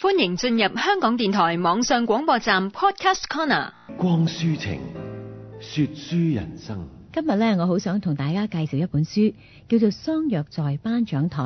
歡迎進入香港電台網上廣播站 Podcast Corner。月光書情，說書人生。今日咧，我好想同大家介紹一本書，叫做《相約在頒獎台》。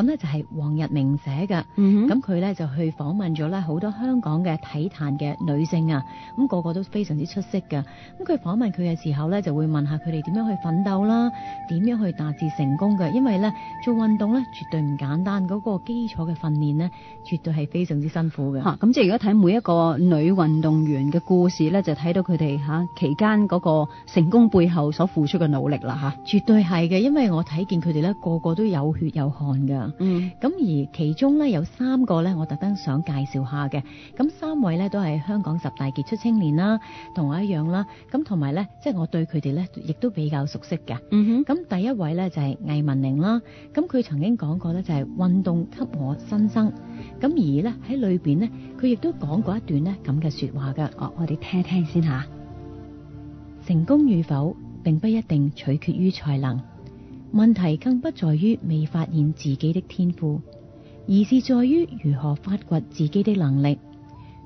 咁咧就係黃日明寫嘅，咁佢咧就去訪問咗咧好多香港嘅體壇嘅女性啊，咁個個都非常之出色嘅。咁佢訪問佢嘅時候咧，就會問下佢哋點樣去奮鬥啦，點樣去達至成功嘅。因為咧做運動咧絕對唔簡單，嗰個基礎嘅訓練咧絕對係非常之辛苦嘅。嚇，咁即係如果睇每一個女運動員嘅故事咧，就睇到佢哋嚇期間嗰個成功背後所付出嘅努力啦嚇。絕對係嘅，因為我睇見佢哋咧個個都有血有汗㗎。嗯，咁而其中咧有三個咧，我特登想介紹下嘅，咁三位咧都係香港十大傑出青年啦，同我一樣啦，咁同埋咧，即係我對佢哋咧，亦都比較熟悉嘅。嗯哼，咁第一位咧就係魏文玲啦，咁佢曾經講過咧就係運動給我新生，咁而咧喺裏邊咧，佢亦都講過一段咧咁嘅說話嘅，我我哋聽聽先吓。成功與否，並不一定取決於才能。問題更不在於未發現自己的天賦，而是在於如何發掘自己的能力。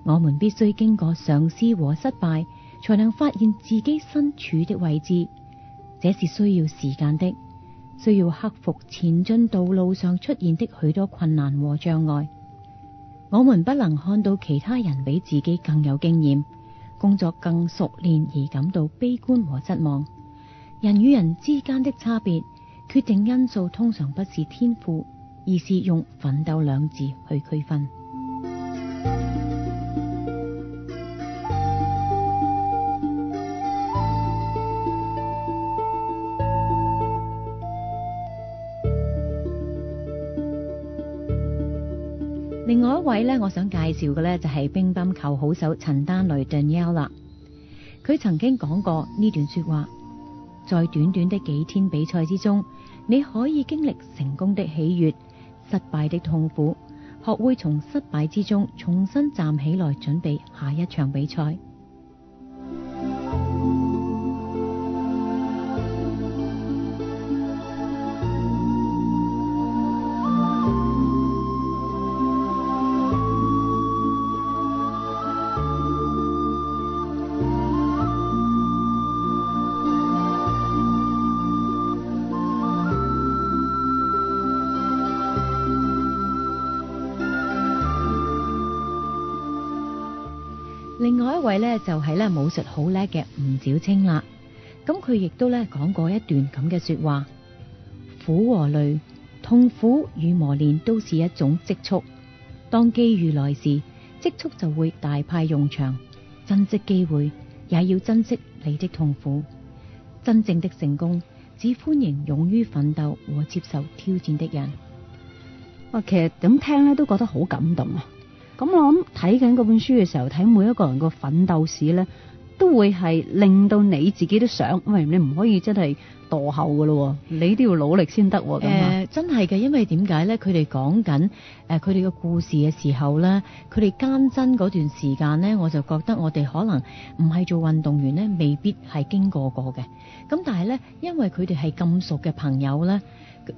我們必須經過嘗試和失敗，才能發現自己身處的位置。這是需要時間的，需要克服前進道路上出現的許多困難和障礙。我們不能看到其他人比自己更有經驗、工作更熟練而感到悲觀和失望。人與人之間的差別。決定因素通常不是天賦，而是用奮鬥兩字去區分。另外一位咧，我想介紹嘅咧就係乒乓球好手陳丹雷頓幺啦。佢曾經講過呢段說話：在短短的幾天比賽之中。你可以經歷成功的喜悅、失敗的痛苦，學會從失敗之中重新站起來，準備下一場比賽。另外一位呢，就係咧武術好叻嘅吳小青啦，咁佢亦都咧講過一段咁嘅說話：苦和累、痛苦與磨練都是一種積蓄，當機遇來時，積蓄就會大派用場。珍惜機會，也要珍惜你的痛苦。真正的成功，只歡迎勇於奮鬥和接受挑戰的人。啊，我其實咁聽咧都覺得好感動啊！咁、嗯、我諗睇緊嗰本書嘅時候，睇每一個人個奮鬥史咧，都會係令到你自己都想，喂，你唔可以真係墮後噶咯，你都要努力先得。誒、呃，真係嘅，因為點解咧？佢哋講緊誒，佢哋嘅故事嘅時候咧，佢哋艱辛嗰段時間咧，我就覺得我哋可能唔係做運動員咧，未必係經過過嘅。咁但係咧，因為佢哋係咁熟嘅朋友咧。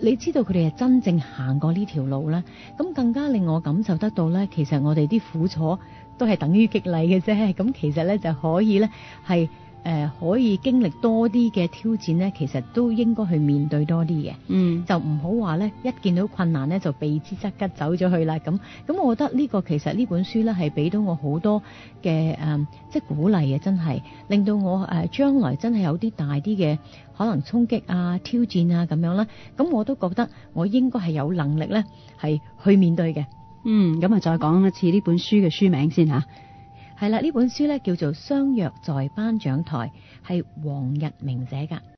你知道佢哋係真正行過呢條路啦。咁更加令我感受得到咧，其實我哋啲苦楚都係等於激勵嘅啫，咁其實咧就可以咧係。誒、呃、可以經歷多啲嘅挑戰呢，其實都應該去面對多啲嘅，嗯，就唔好話呢，一見到困難呢，就避之則吉走咗去啦。咁，咁我覺得呢、這個其實呢本書呢，係俾到我好多嘅誒、呃，即係鼓勵啊，真係令到我誒、呃、將來真係有啲大啲嘅可能衝擊啊、挑戰啊咁樣啦。咁我都覺得我應該係有能力呢，係去面對嘅。嗯，咁啊，再講一次呢本書嘅書名先吓。係啦，呢本書咧叫做《相約在頒獎台》，係黃日明寫噶。